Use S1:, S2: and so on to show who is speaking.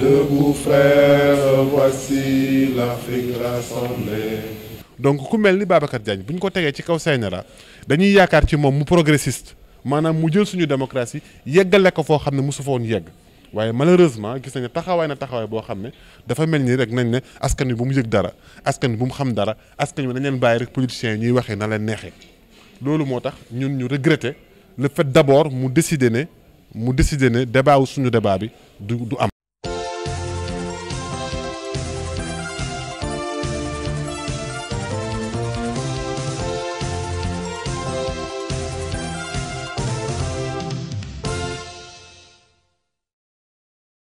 S1: Debout frères, voici l'Afrique rassemblée.
S2: donc ku mel ni Babacar Diagne bu ñu ko tegee ci kaw Saynara dañuy yaakaar ci moom mu progressiste maanaam mu jël suñu démocratie yeggale ko foo xam ne mosu fa yegg waaye malheureusement gis nañu taxawaay na taxawaay boo xam ne dafa mel nii rek nañ ne askan wi bu mu yëg dara askan bu mu xam dara askan wi dañ bàyyi rek politiciens yi ñuy waxee na leen neexee loolu moo tax ñun ñu regretter le fait d'abord mu décider ne mu décider ne débat wu suñu débat bi du du am.